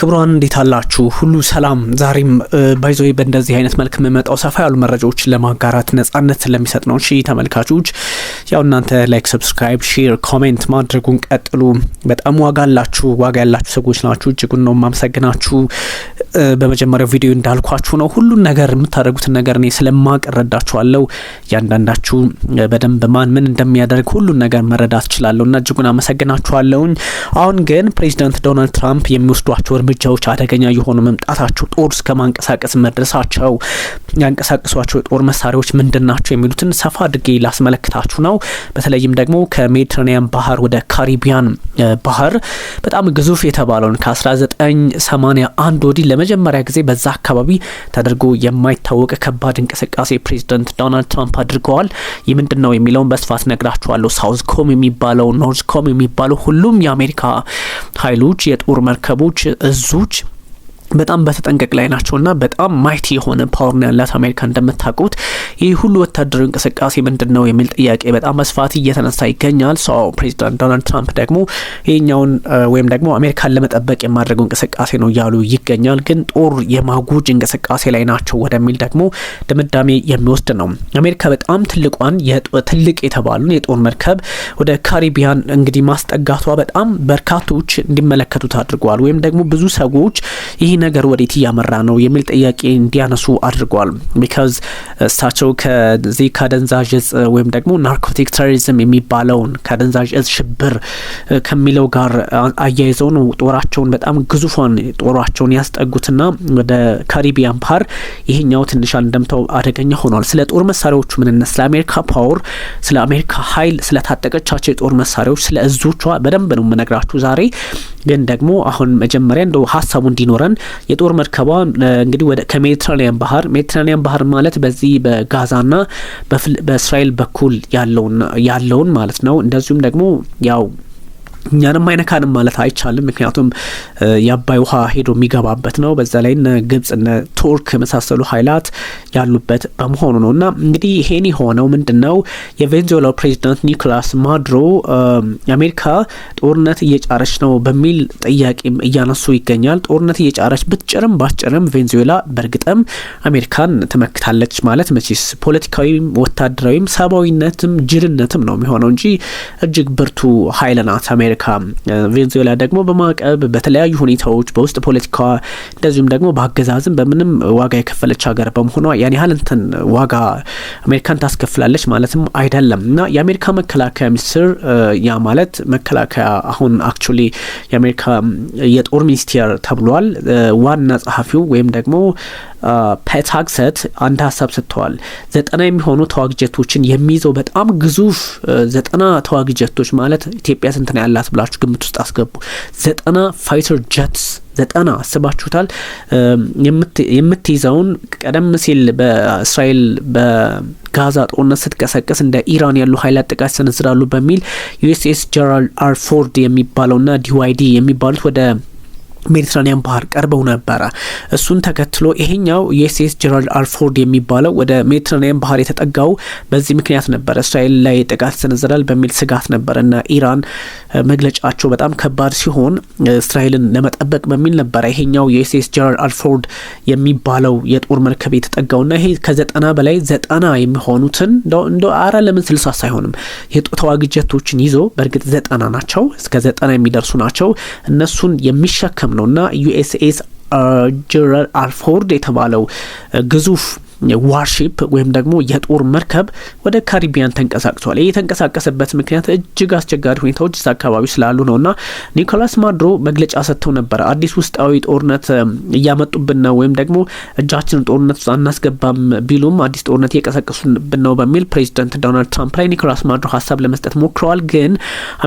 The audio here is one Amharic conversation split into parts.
ክብሯን እንዴት አላችሁ? ሁሉ ሰላም። ዛሬም ባይዞ በእንደዚህ አይነት መልክ የምመጣው ሰፋ ያሉ መረጃዎችን ለማጋራት ነጻነት ለሚሰጥ ነው። እሺ ተመልካቾች፣ ያው እናንተ ላይክ፣ ሰብስክራይብ፣ ሼር፣ ኮሜንት ማድረጉን ቀጥሉ። በጣም ዋጋ አላችሁ፣ ዋጋ ያላችሁ ሰዎች ናችሁ። እጅጉን ነው ማመሰግናችሁ። በመጀመሪያው ቪዲዮ እንዳልኳችሁ ነው ሁሉን ነገር የምታደርጉትን ነገር እኔ ስለማቅ እረዳችኋለሁ። እያንዳንዳችሁ በደንብ ማን ምን እንደሚያደርግ ሁሉን ነገር መረዳት እችላለሁ እና እጅጉን አመሰግናችኋለሁኝ። አሁን ግን ፕሬዚዳንት ዶናልድ ትራምፕ የሚወስዷቸው እርምጃዎች አደገኛ የሆኑ መምጣታቸው ጦር እስከ ማንቀሳቀስ መድረሳቸው፣ ያንቀሳቀሷቸው የጦር መሳሪያዎች ምንድን ናቸው የሚሉትን ሰፋ አድርጌ ላስመለክታችሁ ነው። በተለይም ደግሞ ከሜዲትራኒያን ባህር ወደ ካሪቢያን ባህር በጣም ግዙፍ የተባለውን ከ1981 ወዲህ ለመጀመሪያ ጊዜ በዛ አካባቢ ተደርጎ የማይታወቅ ከባድ እንቅስቃሴ ፕሬዚደንት ዶናልድ ትራምፕ አድርገዋል። ይህ ምንድን ነው የሚለውን በስፋት ነግራችኋለሁ። ሳውዝ ኮም የሚባለው ኖርዝ ኮም የሚባለው ሁሉም የአሜሪካ ኃይሎች የጦር መርከቦች as últimas በጣም በተጠንቀቅ ላይ ናቸውና በጣም ማይቲ የሆነ ፓወር ነው ያላት አሜሪካ። እንደምታውቁት ይህ ሁሉ ወታደራዊ እንቅስቃሴ ምንድን ነው የሚል ጥያቄ በጣም መስፋት እየተነሳ ይገኛል። ሰው ፕሬዚዳንት ዶናልድ ትራምፕ ደግሞ ይህኛውን ወይም ደግሞ አሜሪካን ለመጠበቅ የማድረጉ እንቅስቃሴ ነው እያሉ ይገኛል። ግን ጦር የማጉጅ እንቅስቃሴ ላይ ናቸው ወደሚል ደግሞ ድምዳሜ የሚወስድ ነው። አሜሪካ በጣም ትልቋን ትልቅ የተባሉን የጦር መርከብ ወደ ካሪቢያን እንግዲህ ማስጠጋቷ በጣም በርካቶች እንዲመለከቱት አድርጓል ወይም ደግሞ ብዙ ሰዎች ይህ ነገር ወዴት እያመራ ነው የሚል ጥያቄ እንዲያነሱ አድርጓል። ቢካዝ እሳቸው ከዚህ ከደንዛዥ እጽ ወይም ደግሞ ናርኮቲክ ተሮሪዝም የሚባለውን ከደንዛዥ እጽ ሽብር uh, ከሚለው ጋር uh, አያይዘው ነው ጦራቸውን በጣም ግዙፏን ጦራቸውን ያስጠጉትና ወደ ካሪቢያን ባህር ይሄኛው ትንሽ እንደምታው አደገኛ ሆኗል። ስለ ጦር መሳሪያዎቹ ምንነት፣ ስለ አሜሪካ ፓወር፣ ስለ አሜሪካ ኃይል፣ ስለ ታጠቀቻቸው የጦር መሳሪያዎች፣ ስለ እዞቿ በደንብ ነው የምነግራችሁ ዛሬ ግን ደግሞ አሁን መጀመሪያ እንደ ሀሳቡ እንዲኖረን የጦር መርከቧ እንግዲህ ወደ ከሜዲትራኒያን ባህር ሜዲትራኒያን ባህር ማለት በዚህ በጋዛና በእስራኤል በኩል ያለውን ያለውን ማለት ነው እንደዚሁም ደግሞ ያው እኛንም አይነካንም ማለት አይቻልም። ምክንያቱም የአባይ ውሃ ሄዶ የሚገባበት ነው። በዛ ላይ እነ ግብጽ እነ ቱርክ የመሳሰሉ ኃይላት ያሉበት በመሆኑ ነው እና እንግዲህ ይሄን የሆነው ምንድን ነው የቬንዙዌላው ፕሬዚዳንት ኒኮላስ ማዱሮ አሜሪካ ጦርነት እየጫረች ነው በሚል ጥያቄም እያነሱ ይገኛል። ጦርነት እየጫረች ብትጭርም ባትጭርም ቬንዙዌላ በእርግጥም አሜሪካን ትመክታለች ማለት መቼስ ፖለቲካዊም ወታደራዊም ሰብአዊነትም ጅልነትም ነው የሚሆነው እንጂ እጅግ ብርቱ ኃይል ናት አሜሪካ አሜሪካ ቬንዙዌላ ደግሞ በማዕቀብ በተለያዩ ሁኔታዎች በውስጥ ፖለቲካ እንደዚሁም ደግሞ በአገዛዝም በምንም ዋጋ የከፈለች ሀገር በመሆኗ ያን ያህል እንትን ዋጋ አሜሪካን ታስከፍላለች ማለትም አይደለም እና የአሜሪካ መከላከያ ሚኒስትር ያ ማለት መከላከያ አሁን አክቹሊ የአሜሪካ የጦር ሚኒስቴር ተብሏል። ዋና ጸሐፊው ወይም ደግሞ ፔት አንድ ሀሳብ ሰጥተዋል። ዘጠና የሚሆኑ ተዋጊ ጀቶችን የሚይዘው በጣም ግዙፍ ዘጠና ተዋጊ ጀቶች ማለት ኢትዮጵያ ስንት ነው ያላት? ናት ብላችሁ ግምት ውስጥ አስገቡ። ዘጠና ፋይተር ጀትስ ዘጠና አስባችሁታል። የምትይዘውን ቀደም ሲል በእስራኤል በጋዛ ጦርነት ስትቀሰቅስ እንደ ኢራን ያሉ ኃይላት ጥቃት ሰነዝራሉ በሚል ዩኤስኤስ ጀራል አር ፎርድ የሚባለውና ዲዋይዲ የሚባሉት ወደ ሜዲትራኒያን ባህር ቀርበው ነበረ። እሱን ተከትሎ ይሄኛው የኤስኤስ ጀራልድ አልፎርድ የሚባለው ወደ ሜዲትራኒያን ባህር የተጠጋው በዚህ ምክንያት ነበረ። እስራኤል ላይ ጥቃት ይሰነዘራል በሚል ስጋት ነበረ እና ኢራን መግለጫቸው በጣም ከባድ ሲሆን እስራኤልን ለመጠበቅ በሚል ነበረ ይሄኛው የሴስ ጀራልድ አልፎርድ የሚባለው የጦር መርከብ የተጠጋው እና ይሄ ከዘጠና በላይ ዘጠና የሚሆኑትን እንደ አረ ለምን ስልሳ ሳይሆንም የጦር ጀቶችን ይዞ በእርግጥ ዘጠና ናቸው እስከ ዘጠና የሚደርሱ ናቸው እነሱን የሚሸከም ነው እና ዩኤስኤስ ጀራል አልፎርድ የተባለው ግዙፍ ዋርሺፕ ወይም ደግሞ የጦር መርከብ ወደ ካሪቢያን ተንቀሳቅሷል። ይህ የተንቀሳቀሰበት ምክንያት እጅግ አስቸጋሪ ሁኔታዎች እዛ አካባቢ ስላሉ ነው እና ኒኮላስ ማድሮ መግለጫ ሰጥተው ነበረ። አዲስ ውስጣዊ ጦርነት እያመጡብን ነው ወይም ደግሞ እጃችንን ጦርነት ውስጥ አናስገባም ቢሉም አዲስ ጦርነት እየቀሰቀሱብን ነው በሚል ፕሬዚደንት ዶናልድ ትራምፕ ላይ ኒኮላስ ማድሮ ሀሳብ ለመስጠት ሞክረዋል። ግን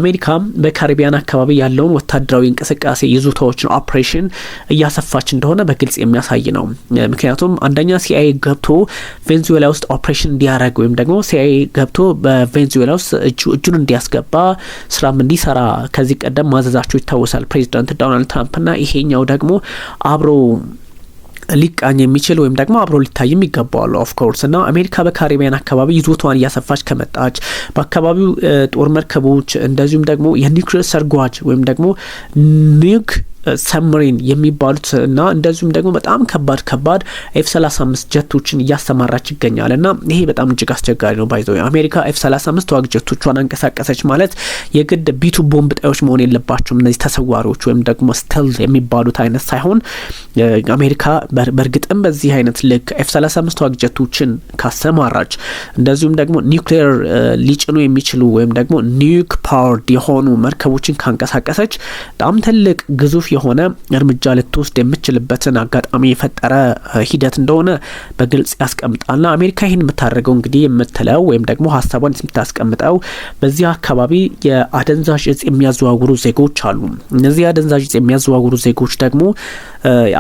አሜሪካ በካሪቢያን አካባቢ ያለውን ወታደራዊ እንቅስቃሴ ይዞታዎችን ኦፕሬሽን እያሰፋች እንደሆነ በግልጽ የሚያሳይ ነው። ምክንያቱም አንደኛ ሲአይኤ ገብቶ ቬንዙዌላ ውስጥ ኦፕሬሽን እንዲያደርግ ወይም ደግሞ ሲአይኤ ገብቶ በቬንዙዌላ ውስጥ እጁን እንዲያስገባ ስራም እንዲሰራ ከዚህ ቀደም ማዘዛቸው ይታወሳል። ፕሬዚዳንት ዶናልድ ትራምፕና ይሄኛው ደግሞ አብሮ ሊቃኝ የሚችል ወይም ደግሞ አብሮ ሊታይም ይገባዋል። ኦፍኮርስ እና አሜሪካ በካሪቢያን አካባቢ ይዞቷን እያሰፋች ከመጣች በአካባቢው ጦር መርከቦች እንደዚሁም ደግሞ የኒውክሌር ሰርጓጅ ወይም ደግሞ ኒክ ሰምሪን የሚባሉት እና እንደዚሁም ደግሞ በጣም ከባድ ከባድ ኤፍ ሰላሳ አምስት ጀቶችን እያሰማራች ይገኛል እና ይሄ በጣም እጅግ አስቸጋሪ ነው። ባይዘ አሜሪካ ኤፍ ሰላሳ አምስት ተዋጊ ጀቶቿን አንቀሳቀሰች ማለት የግድ ቢቱ ቦምብ ጣዮች መሆን የለባቸውም። እነዚህ ተሰዋሪዎች ወይም ደግሞ ስተል የሚባሉት አይነት ሳይሆን አሜሪካ በእርግጥም በዚህ አይነት ልክ ኤፍ ሰላሳ ተዋጊ ጀቶችን ካሰማራች እንደዚሁም ደግሞ ኒውክሌር ሊጭኑ የሚችሉ ወይም ደግሞ ኒውክ ፓወርድ የሆኑ መርከቦችን ካንቀሳቀሰች በጣም ትልቅ ግዙፍ የሆነ እርምጃ ልትወስድ የምችልበትን አጋጣሚ የፈጠረ ሂደት እንደሆነ በግልጽ ና አሜሪካ ይህን የምታደርገው እንግዲህ የምትለው ወይም ደግሞ ሀሳቧን የምታስቀምጠው በዚህ አካባቢ የአደንዛዥ እጽ የሚያዘዋውሩ ዜጎች አሉ። እነዚህ የአደንዛዥ እጽ የሚያዘዋውሩ ዜጎች ደግሞ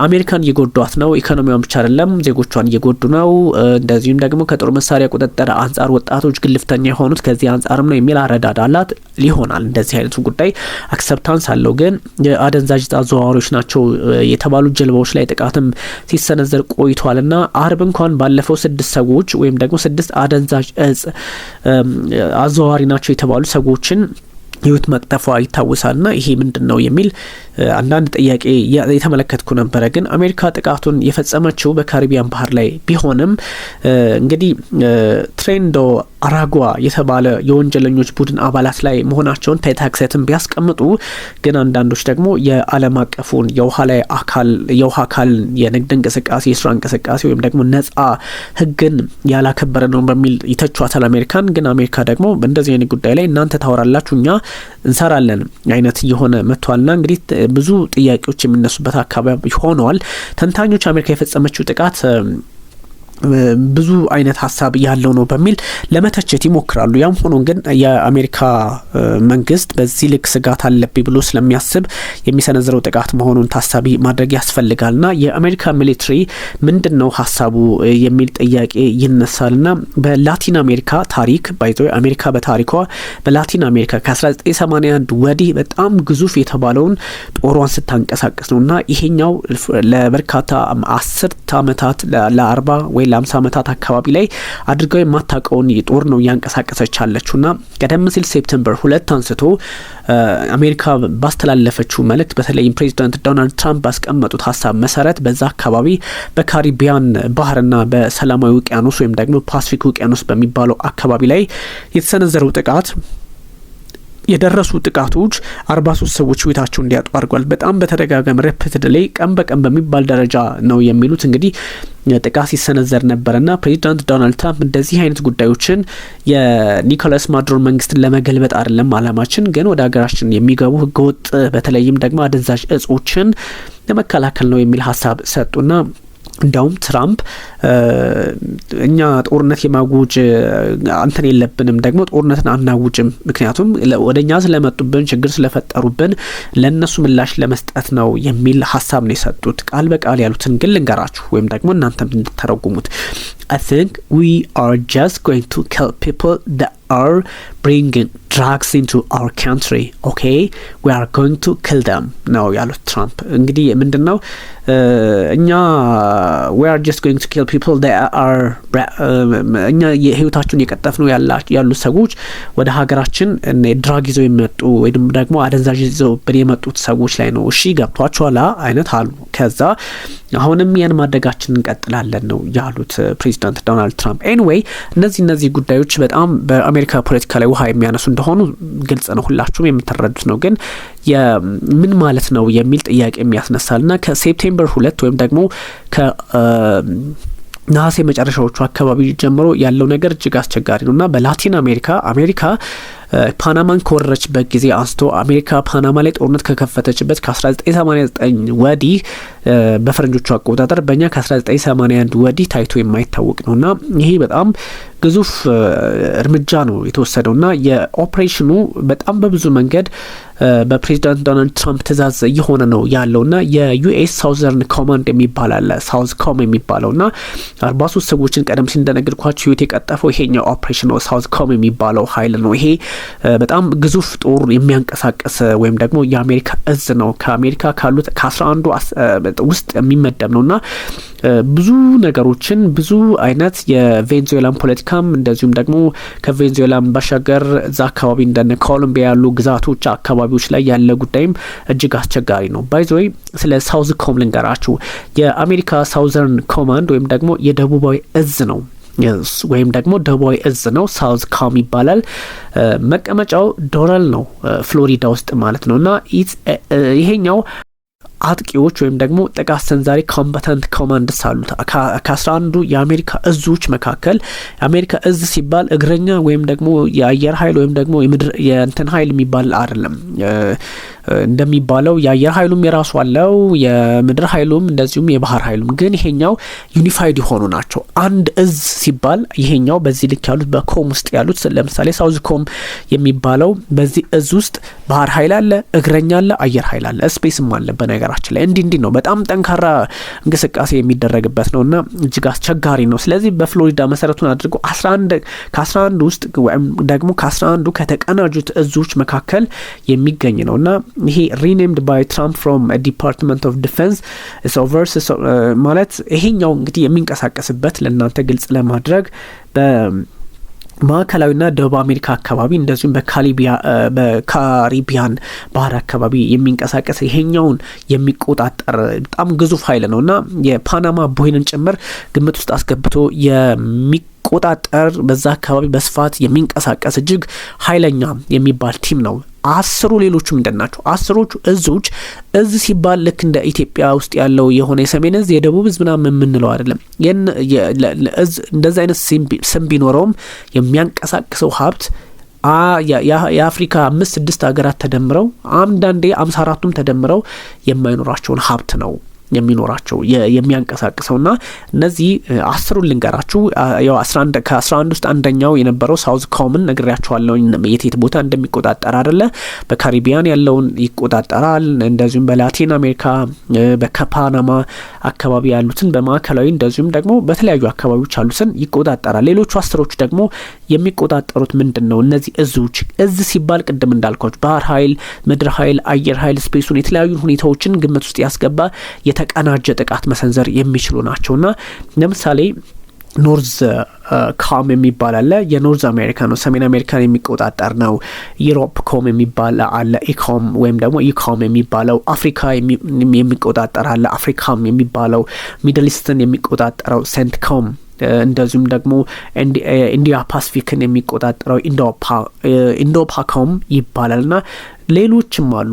አሜሪካን እየጎዷት ነው። ኢኮኖሚዋን ብቻ አይደለም ዜጎቿን እየጎዱ ነው። እንደዚሁም ደግሞ ከጦር መሳሪያ ቁጥጥር አንጻር ወጣቶች ግልፍተኛ የሆኑት ከዚህ አንጻርም ነው የሚል አረዳዳላት ሊሆናል እንደዚህ አይነቱ ጉዳይ አክሰፕታንስ አለው ግን የአደንዛዥ እጽ አዘዋዋሪዎች ናቸው የተባሉ ጀልባዎች ላይ ጥቃትም ሲሰነዘር እና አርብ እንኳን ባለፈው ስድስት ሰዎች ወይም ደግሞ ስድስት አደንዛዥ እጽ አዘዋዋሪ ናቸው የተባሉ ሰዎችን ህይወት መቅጠፏ ና ይሄ ምንድን ነው የሚል አንዳንድ ጥያቄ የተመለከትኩ ነበረ። ግን አሜሪካ ጥቃቱን የፈጸመችው በካሪቢያን ባህር ላይ ቢሆንም እንግዲህ ትሬንዶ አራጓ የተባለ የወንጀለኞች ቡድን አባላት ላይ መሆናቸውን ታይታክሰትን ቢያስቀምጡ ግን አንዳንዶች ደግሞ የዓለም አቀፉን የውሃ ላይ አካል የውሃ አካልን የንግድ እንቅስቃሴ የስራ እንቅስቃሴ ወይም ደግሞ ነጻ ህግን ያላከበረ ነው በሚል ይተቿታል አሜሪካን። ግን አሜሪካ ደግሞ እንደዚህ አይነት ጉዳይ ላይ እናንተ ታወራላችሁ እኛ እንሰራለን አይነት እየሆነ መጥቷልና እንግዲህ ብዙ ጥያቄዎች የሚነሱበት አካባቢ ሆነዋል። ተንታኞች አሜሪካ የፈጸመችው ጥቃት ብዙ አይነት ሀሳብ ያለው ነው በሚል ለመተቸት ይሞክራሉ። ያም ሆኖ ግን የአሜሪካ መንግስት በዚህ ልክ ስጋት አለብኝ ብሎ ስለሚያስብ የሚሰነዝረው ጥቃት መሆኑን ታሳቢ ማድረግ ያስፈልጋል ና የአሜሪካ ሚሊትሪ ምንድን ነው ሀሳቡ የሚል ጥያቄ ይነሳል ና በላቲን አሜሪካ ታሪክ ባይዞ አሜሪካ በታሪኳ በላቲን አሜሪካ ከ1981 ወዲህ በጣም ግዙፍ የተባለውን ጦሯን ስታንቀሳቀስ ነው ና ይሄኛው ለበርካታ አስር ለሁለት ዓመታት ለአርባ ወይ ለአምሳ ዓመታት አካባቢ ላይ አድርገው የማታውቀውን ጦር ነው እያንቀሳቀሰች አለችው ና ቀደም ሲል ሴፕተምበር ሁለት አንስቶ አሜሪካ ባስተላለፈችው መልእክት በተለይም ፕሬዚዳንት ዶናልድ ትራምፕ ባስቀመጡት ሀሳብ መሰረት በዛ አካባቢ በካሪቢያን ባህርና በሰላማዊ ውቅያኖስ ወይም ደግሞ ፓስፊክ ውቅያኖስ በሚባለው አካባቢ ላይ የተሰነዘረው ጥቃት የደረሱ ጥቃቶች 43 ሰዎች ህይወታቸው እንዲያጡ አድርጓል። በጣም በተደጋጋሚ ሬፕትድ ላይ ቀን በቀን በሚባል ደረጃ ነው የሚሉት እንግዲህ ጥቃት ሲሰነዘር ነበርና ፕሬዚዳንት ዶናልድ ትራምፕ እንደዚህ አይነት ጉዳዮችን የኒኮላስ ማድሮን መንግስትን ለመገልበጥ አይደለም አላማችን፣ ግን ወደ ሀገራችን የሚገቡ ህገወጥ በተለይም ደግሞ አደንዛዥ እጾችን ለመከላከል ነው የሚል ሀሳብ ሰጡና እንዲያውም ትራምፕ እኛ ጦርነት የማጉጭ አንተን የለብንም ደግሞ ጦርነትን አናውጭም ምክንያቱም ወደ እኛ ስለመጡብን ችግር ስለፈጠሩብን ለእነሱ ምላሽ ለመስጠት ነው የሚል ሀሳብ ነው የሰጡት። ቃል በቃል ያሉትን ግን ልንገራችሁ ወይም ደግሞ እናንተም እንድተረጉሙት አይ ቲንክ ዊ አር ጀስት ጎይንግ ቱ ኪል ፒፕል are bringing drugs into our country okay we are going to kill them ነው ያሉት ትራምፕ። እንግዲህ ምንድን ነው እኛ we are just going to kill people that are እኛ የህይወታቸውን የቀጠፍነው ያሉ ሰዎች ወደ ሀገራችን ድራግ ይዘው የመጡ ወይም ደግሞ አደንዛዥ ይዘው ብን የመጡት ሰዎች ላይ ነው። እሺ ገብቷችኋላ አይነት አሉ። ከዛ አሁንም ያን ማድረጋችን እንቀጥላለን ነው ያሉት ፕሬዚዳንት ዶናልድ ትራምፕ። ኤኒዌይ እነዚህ እነዚህ ጉዳዮች በጣም በአሜ የአሜሪካ ፖለቲካ ላይ ውሃ የሚያነሱ እንደሆኑ ግልጽ ነው፣ ሁላችሁም የምትረዱት ነው። ግን ምን ማለት ነው የሚል ጥያቄ የሚያስነሳል እና ከሴፕቴምበር ሁለት ወይም ደግሞ ነሐሴ መጨረሻዎቹ አካባቢ ጀምሮ ያለው ነገር እጅግ አስቸጋሪ ነው እና በላቲን አሜሪካ አሜሪካ ፓናማን ከወረረችበት ጊዜ አንስቶ አሜሪካ ፓናማ ላይ ጦርነት ከከፈተችበት ከ1989 ወዲህ በፈረንጆቹ አቆጣጠር በእኛ ከ1981 ወዲህ ታይቶ የማይታወቅ ነው እና ይሄ በጣም ግዙፍ እርምጃ ነው የተወሰደው እና የኦፕሬሽኑ በጣም በብዙ መንገድ በፕሬዚዳንት ዶናልድ ትራምፕ ትእዛዝ እየሆነ ነው ያለው እና የዩኤስ ሳውዘርን ኮማንድ የሚባል አለ ሳውዝ ኮም የሚባለው እና አርባ ሶስት ሰዎችን ቀደም ሲል እንደነገርኳቸው ህይወት የቀጠፈው ይሄኛው ኦፕሬሽን ሳውዝ ኮም የሚባለው ሀይል ነው ይሄ በጣም ግዙፍ ጦር የሚያንቀሳቀስ ወይም ደግሞ የአሜሪካ እዝ ነው። ከአሜሪካ ካሉት ከአስራ አንዱ ውስጥ የሚመደብ ነው እና ብዙ ነገሮችን ብዙ አይነት የቬንዙዌላን ፖለቲካም እንደዚሁም ደግሞ ከቬንዙዌላን ባሻገር እዛ አካባቢ እንደነ ኮሎምቢያ ያሉ ግዛቶች አካባቢዎች ላይ ያለ ጉዳይም እጅግ አስቸጋሪ ነው። ባይዘወይ ስለ ሳውዝ ኮም ልንገራችሁ። የአሜሪካ ሳውዘርን ኮማንድ ወይም ደግሞ የደቡባዊ እዝ ነው ወይም ደግሞ ደቡባዊ እዝ ነው። ሳውዝ ካም ይባላል። መቀመጫው ዶረል ነው፣ ፍሎሪዳ ውስጥ ማለት ነው እና ይሄኛው አጥቂዎች ወይም ደግሞ ጥቃት ሰንዛሪ ኮምባታንት ኮማንድስ አሉት። ከአስራ አንዱ የአሜሪካ እዞች መካከል የአሜሪካ እዝ ሲባል እግረኛ ወይም ደግሞ የአየር ኃይል ወይም ደግሞ የእንትን ኃይል የሚባል አይደለም። እንደሚባለው የአየር ኃይሉም የራሱ አለው፣ የምድር ኃይሉም እንደዚሁም የባህር ኃይሉም። ግን ይሄኛው ዩኒፋይድ የሆኑ ናቸው። አንድ እዝ ሲባል ይሄኛው በዚህ ልክ ያሉት በኮም ውስጥ ያሉት ለምሳሌ ሳውዝ ኮም የሚባለው በዚህ እዝ ውስጥ ባህር ኃይል አለ፣ እግረኛ አለ፣ አየር ኃይል አለ፣ ስፔስም አለ። በነገራችን ላይ እንዲህ እንዲህ ነው በጣም ጠንካራ እንቅስቃሴ የሚደረግበት ነው እና እጅግ አስቸጋሪ ነው። ስለዚህ በፍሎሪዳ መሰረቱን አድርጎ አስራ አንድ ከአስራ ውስጥ ወይም ደግሞ ከአስራ አንዱ ከተቀናጁት እዞች መካከል የሚገኝ ነው እና ይሄ ሪኔምድ ባይ ትራምፕ ፍሮም ዲፓርትመንት ኦፍ ዲፌንስ ሶቨርስ ማለት ይሄኛው እንግዲህ የሚንቀሳቀስበት ለእናንተ ግልጽ ለማድረግ በ ማዕከላዊና ደቡብ አሜሪካ አካባቢ እንደዚሁም በካሪቢያን ባህር አካባቢ የሚንቀሳቀስ ይሄኛውን የሚቆጣጠር በጣም ግዙፍ ኃይል ነው እና የፓናማ ቦይንን ጭምር ግምት ውስጥ አስገብቶ የሚ ቆጣጠር በዛ አካባቢ በስፋት የሚንቀሳቀስ እጅግ ኃይለኛ የሚባል ቲም ነው አስሩ ሌሎቹ ምንድን ናቸው? አስሮቹ እዞች እዝ ሲባል ልክ እንደ ኢትዮጵያ ውስጥ ያለው የሆነ የሰሜን እዝ የደቡብ እዝ ምናምን የምንለው አይደለም። እዝ እንደዚህ አይነት ስም ቢኖረውም የሚያንቀሳቅሰው ሀብት የአፍሪካ አምስት ስድስት ሀገራት ተደምረው አንዳንዴ አምሳ አራቱም ተደምረው የማይኖራቸውን ሀብት ነው። የሚኖራቸው የሚያንቀሳቅሰውና እነዚህ አስሩን ልንገራችሁ። ያው ከአስራ አንድ ውስጥ አንደኛው የነበረው ሳውዝ ኮምን ነግሬያችኋለሁኝ የቴት ቦታ እንደሚቆጣጠር አደለ። በካሪቢያን ያለውን ይቆጣጠራል። እንደዚሁም በላቲን አሜሪካ በከፓናማ አካባቢ ያሉትን በማዕከላዊ እንደዚሁም ደግሞ በተለያዩ አካባቢዎች ያሉትን ይቆጣጠራል። ሌሎቹ አስሮች ደግሞ የሚቆጣጠሩት ምንድን ነው? እነዚህ እዞች። እዝ ሲባል ቅድም እንዳልኳችሁ ባህር ኃይል፣ ምድር ኃይል፣ አየር ኃይል፣ ስፔሱን የተለያዩ ሁኔታዎችን ግምት ውስጥ ያስገባ የተቀናጀ ጥቃት መሰንዘር የሚችሉ ናቸውና ለምሳሌ ኖርዝ ካም የሚባል አለ። የኖርዝ አሜሪካ ነው፣ ሰሜን አሜሪካን የሚቆጣጠር ነው። ዩሮፕ ኮም የሚባል አለ። ኢኮም ወይም ደግሞ ኢኮም የሚባለው አፍሪካ የሚቆጣጠር አለ። አፍሪካም የሚባለው ሚድል ኢስትን የሚቆጣጠረው ሴንት ኮም እንደዚሁም ደግሞ ኢንዲያ ፓስፊክን የሚቆጣጠረው ኢንዶፓ ኢንዶፓ ኮም ይባላል ና ሌሎችም አሉ።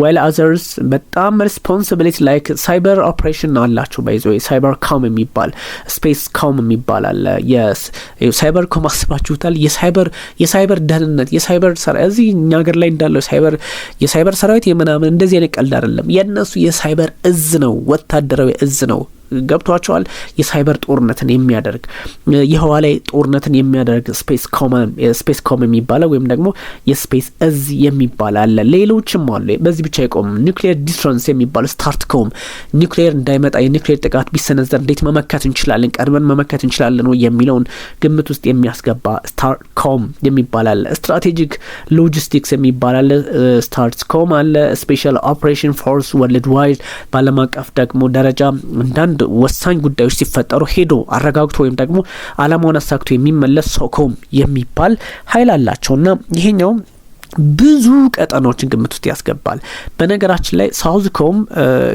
ዌል አዘርስ በጣም ሬስፖንሲቢሊቲ ላይክ ሳይበር ኦፕሬሽን አላቸው። ባይዘ ሳይበር ካም የሚባል ስፔስ ካም የሚባል አለ። ሳይበር ኮም አስባችሁታል? የሳይበር የሳይበር ደህንነት የሳይበር ሰራ እዚህ እኛ ሀገር ላይ እንዳለው ሳይበር የሳይበር ሰራዊት የምናምን እንደዚህ አይነት ቀልድ አይደለም። የእነሱ የሳይበር እዝ ነው፣ ወታደራዊ እዝ ነው። ገብቷቸዋል። የሳይበር ጦርነትን የሚያደርግ የህዋ ላይ ጦርነትን የሚያደርግ ስፔስ ኮም የሚባለው ወይም ደግሞ የስፔስ እዝ የሚባል አለ፣ ሌሎችም አሉ። በዚህ ብቻ አይቆምም። ኒክሌር ዲስትራንስ የሚባል ስታርት ከውም ኒክሌር እንዳይመጣ የኒክሌር ጥቃት ቢሰነዘር እንዴት መመከት እንችላለን፣ ቀድመን መመከት እንችላለን ወይ የሚለውን ግምት ውስጥ የሚያስገባ ስታርትኮም የሚባል አለ። ስትራቴጂክ ሎጂስቲክስ የሚባል አለ፣ ከውም አለ። ስፔሻል ኦፕሬሽን ፎርስ ወርልድ ዋይድ በዓለም አቀፍ ደግሞ ደረጃ አንዳንድ ወሳኝ ጉዳዮች ሲፈጠሩ ሄዶ አረጋግቶ ወይም ደግሞ አላማውን አሳክቶ የሚመለስ ሶኮም የሚባል ሀይል አላቸው እና ይሄኛውም ብዙ ቀጠናዎችን ግምት ውስጥ ያስገባል። በነገራችን ላይ ሳውዝ ኮም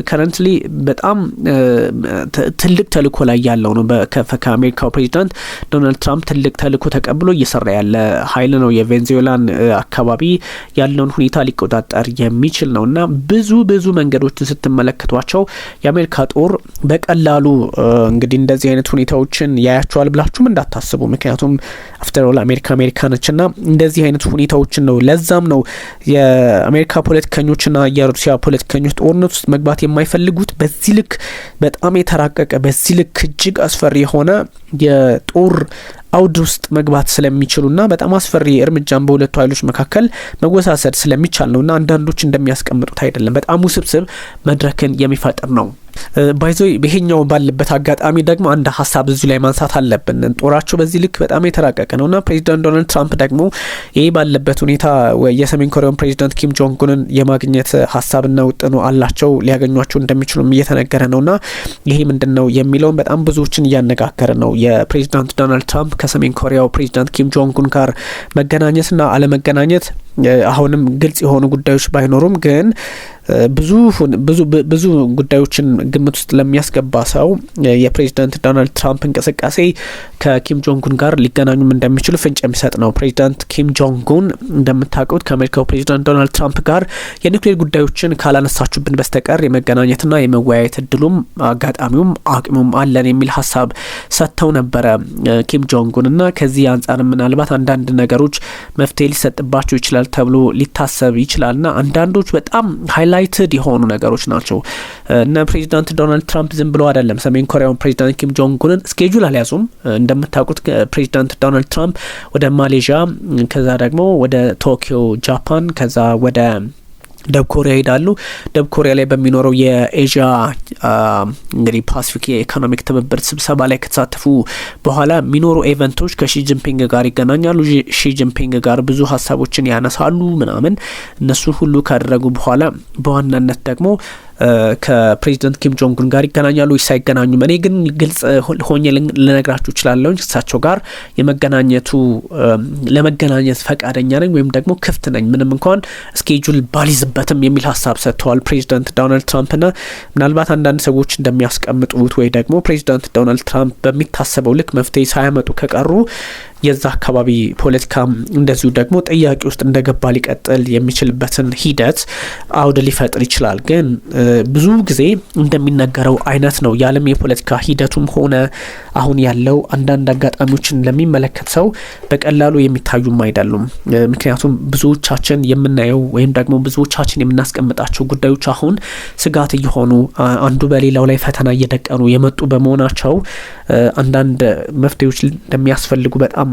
ከረንትሊ በጣም ትልቅ ተልኮ ላይ ያለው ነው። ከአሜሪካው ፕሬዚዳንት ዶናልድ ትራምፕ ትልቅ ተልኮ ተቀብሎ እየሰራ ያለ ኃይል ነው። የቬንዙዌላን አካባቢ ያለውን ሁኔታ ሊቆጣጠር የሚችል ነው እና ብዙ ብዙ መንገዶችን ስትመለከቷቸው የአሜሪካ ጦር በቀላሉ እንግዲህ እንደዚህ አይነት ሁኔታዎችን ያያቸዋል ብላችሁም እንዳታስቡ። ምክንያቱም አፍተር ኦል አሜሪካ አሜሪካ ነች እና እንደዚህ አይነት ሁኔታዎችን ነው ለዚ ለዛም ነው የአሜሪካ ፖለቲከኞችና የሩሲያ ፖለቲከኞች ጦርነት ውስጥ መግባት የማይፈልጉት በዚህ ልክ በጣም የተራቀቀ በዚህ ልክ እጅግ አስፈሪ የሆነ የጦር አውድ ውስጥ መግባት ስለሚችሉና በጣም አስፈሪ እርምጃን በሁለቱ ኃይሎች መካከል መወሳሰድ ስለሚቻል ነው እና አንዳንዶች እንደሚያስቀምጡት አይደለም። በጣም ውስብስብ መድረክን የሚፈጥር ነው። ባይዞ ይሄኛው ባለበት አጋጣሚ ደግሞ አንድ ሀሳብ እዚሁ ላይ ማንሳት አለብን። ጦራቸው በዚህ ልክ በጣም የተራቀቀ ነው እና ፕሬዚዳንት ዶናልድ ትራምፕ ደግሞ ይሄ ባለበት ሁኔታ የሰሜን ኮሪያውን ፕሬዚዳንት ኪም ጆንጉንን የማግኘት ሀሳብና ውጥኑ አላቸው ሊያገኟቸው እንደሚችሉም እየተነገረ ነው ና ይሄ ምንድን ነው የሚለውን በጣም ብዙዎችን እያነጋገረ ነው። የፕሬዚዳንት ዶናልድ ትራምፕ ከሰሜን ኮሪያው ፕሬዚዳንት ኪም ጆንጉን ጋር መገናኘትና አለመገናኘት አሁንም ግልጽ የሆኑ ጉዳዮች ባይኖሩም ግን ብዙ ብዙ ብዙ ጉዳዮችን ግምት ውስጥ ለሚያስገባ ሰው የፕሬዚዳንት ዶናልድ ትራምፕ እንቅስቃሴ ከኪም ጆንጉን ጋር ሊገናኙም እንደሚችሉ ፍንጭ የሚሰጥ ነው። ፕሬዚዳንት ኪም ጆንጉን እንደምታውቁት ከአሜሪካው ፕሬዚዳንት ዶናልድ ትራምፕ ጋር የኒውክሌር ጉዳዮችን ካላነሳችሁብን በስተቀር የመገናኘትና የመወያየት እድሉም አጋጣሚውም አቅሙም አለን የሚል ሀሳብ ሰጥተው ነበረ ኪም ጆንጉን እና ከዚህ አንጻር ምናልባት አንዳንድ ነገሮች መፍትሄ ሊሰጥባቸው ይችላል ተብሎ ሊታሰብ ይችላልና አንዳንዶች በጣም ሀይላ ሃይላይትድ የሆኑ ነገሮች ናቸው እና ፕሬዚዳንት ዶናልድ ትራምፕ ዝም ብለው አይደለም ሰሜን ኮሪያውን ፕሬዚዳንት ኪም ጆንጉንን ስኬጁል አልያዙም። እንደምታውቁት ፕሬዚዳንት ዶናልድ ትራምፕ ወደ ማሌዥያ፣ ከዛ ደግሞ ወደ ቶኪዮ ጃፓን፣ ከዛ ወደ ደቡብ ኮሪያ ይሄዳሉ። ደቡብ ኮሪያ ላይ በሚኖረው የኤዥያ እንግዲህ ፓስፊክ የኢኮኖሚክ ትብብር ስብሰባ ላይ ከተሳተፉ በኋላ የሚኖሩ ኤቨንቶች ከሺጂንፒንግ ጋር ይገናኛሉ። ሺጂንፒንግ ጋር ብዙ ሀሳቦችን ያነሳሉ ምናምን እነሱ ሁሉ ካደረጉ በኋላ በዋናነት ደግሞ ከፕሬዚደንት ኪም ጆንጉን ጋር ይገናኛሉ ወይስ አይገናኙም? እኔ ግን ግልጽ ሆኜ ልነግራችሁ እችላለሁ፣ እሳቸው ጋር የመገናኘቱ ለመገናኘት ፈቃደኛ ነኝ ወይም ደግሞ ክፍት ነኝ ምንም እንኳን ስኬጁል ባሊዝበትም የሚል ሀሳብ ሰጥተዋል ፕሬዚደንት ዶናልድ ና ምናልባት አንዳንድ ሰዎች እንደሚያስቀምጡት ወይ ደግሞ ፕሬዚደንት ዶናልድ ትራምፕ በሚታሰበው ልክ መፍትሄ ሳያመጡ ከቀሩ የዛ አካባቢ ፖለቲካ እንደዚሁ ደግሞ ጥያቄ ውስጥ እንደገባ ሊቀጥል የሚችልበትን ሂደት አውድ ሊፈጥር ይችላል ግን ብዙ ጊዜ እንደሚነገረው አይነት ነው የዓለም የፖለቲካ ሂደቱም ሆነ አሁን ያለው አንዳንድ አጋጣሚዎችን ለሚመለከት ሰው በቀላሉ የሚታዩም አይደሉም። ምክንያቱም ብዙዎቻችን የምናየው ወይም ደግሞ ብዙዎቻችን የምናስቀምጣቸው ጉዳዮች አሁን ስጋት እየሆኑ አንዱ በሌላው ላይ ፈተና እየደቀኑ የመጡ በመሆናቸው አንዳንድ መፍትሄዎች እንደሚያስፈልጉ በጣም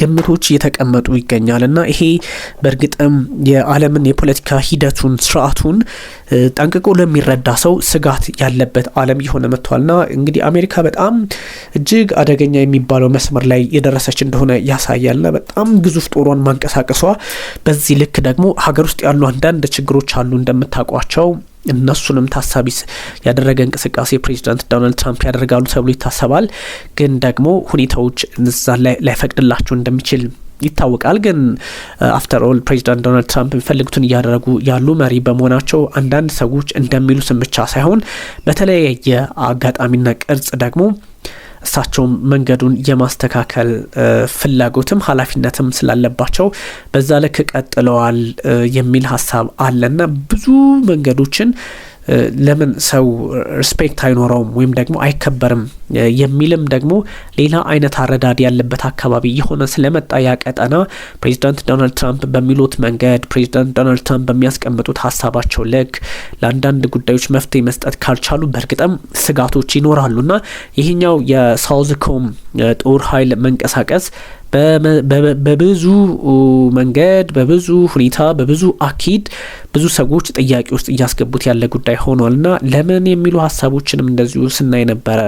ግምቶች እየተቀመጡ ይገኛል እና ይሄ በእርግጥም የዓለምን የፖለቲካ ሂደቱን ስርዓቱን ጠንቅቆ ለሚረዳ ሰው ስጋት ያለበት ዓለም እየሆነ መጥቷል ና እንግዲህ አሜሪካ በጣም እጅግ አደገኛ የሚባለው መስመር ላይ የደረሰች እንደሆነ ያሳያል ና በጣም ግዙፍ ጦሯን ማንቀሳቀሷ በዚህ ልክ ደግሞ ሀገር ውስጥ ያሉ አንዳንድ ችግሮች አሉ እንደምታውቋቸው እነሱንም ታሳቢ ያደረገ እንቅስቃሴ ፕሬዚዳንት ዶናልድ ትራምፕ ያደርጋሉ ተብሎ ይታሰባል። ግን ደግሞ ሁኔታዎች እዛን ላይፈቅድላቸው እንደሚችል ይታወቃል። ግን አፍተር ኦል ፕሬዚዳንት ዶናልድ ትራምፕ የሚፈልጉትን እያደረጉ ያሉ መሪ በመሆናቸው አንዳንድ ሰዎች ስም ብቻ ሳይሆን በተለያየ አጋጣሚና ቅርጽ ደግሞ እሳቸውም መንገዱን የማስተካከል ፍላጎትም ኃላፊነትም ስላለባቸው በዛ ልክ ቀጥለዋል የሚል ሀሳብ አለና ብዙ መንገዶችን ለምን ሰው ሪስፔክት አይኖረውም ወይም ደግሞ አይከበርም የሚልም ደግሞ ሌላ አይነት አረዳድ ያለበት አካባቢ የሆነ ስለመጣ ያ ቀጠና ፕሬዚዳንት ዶናልድ ትራምፕ በሚሉት መንገድ ፕሬዚዳንት ዶናልድ ትራምፕ በሚያስቀምጡት ሀሳባቸው ልክ ለአንዳንድ ጉዳዮች መፍትሄ መስጠት ካልቻሉ በእርግጥም ስጋቶች ይኖራሉና ይህኛው የሳውዝኮም ጦር ኃይል መንቀሳቀስ በብዙ መንገድ በብዙ ሁኔታ በብዙ አኪድ ብዙ ሰዎች ጥያቄ ውስጥ እያስገቡት ያለ ጉዳይ ሆኗል እና ለምን የሚሉ ሀሳቦችንም እንደዚሁ ስናይ ነበረ።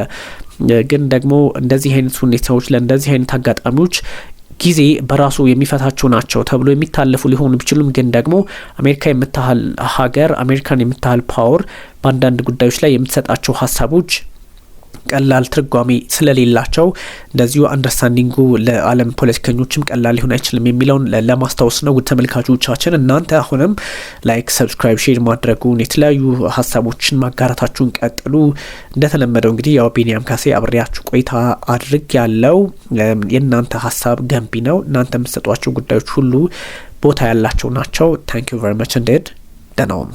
ግን ደግሞ እንደዚህ አይነት ሁኔታዎች ለእንደዚህ አይነት አጋጣሚዎች ጊዜ በራሱ የሚፈታቸው ናቸው ተብሎ የሚታለፉ ሊሆኑ ቢችሉም ግን ደግሞ አሜሪካ የምታህል ሀገር አሜሪካን የምታህል ፓወር በአንዳንድ ጉዳዮች ላይ የምትሰጣቸው ሀሳቦች ቀላል ትርጓሜ ስለሌላቸው እንደዚሁ አንደርስታንዲንጉ ለዓለም ፖለቲከኞችም ቀላል ሊሆን አይችልም የሚለውን ለማስታወስ ነው። ውድ ተመልካቾቻችን እናንተ አሁንም ላይክ፣ ሰብስክራይብ፣ ሼር ማድረጉን የተለያዩ ሀሳቦችን ማጋራታችሁን ቀጥሉ። እንደተለመደው እንግዲህ ያው ቢኒያም ካሴ አብሬያችሁ ቆይታ አድርግ ያለው የእናንተ ሀሳብ ገንቢ ነው። እናንተ የምትሰጧቸው ጉዳዮች ሁሉ ቦታ ያላቸው ናቸው። ታንክ ዩ ቨሪ መች እንዴድ ደናውም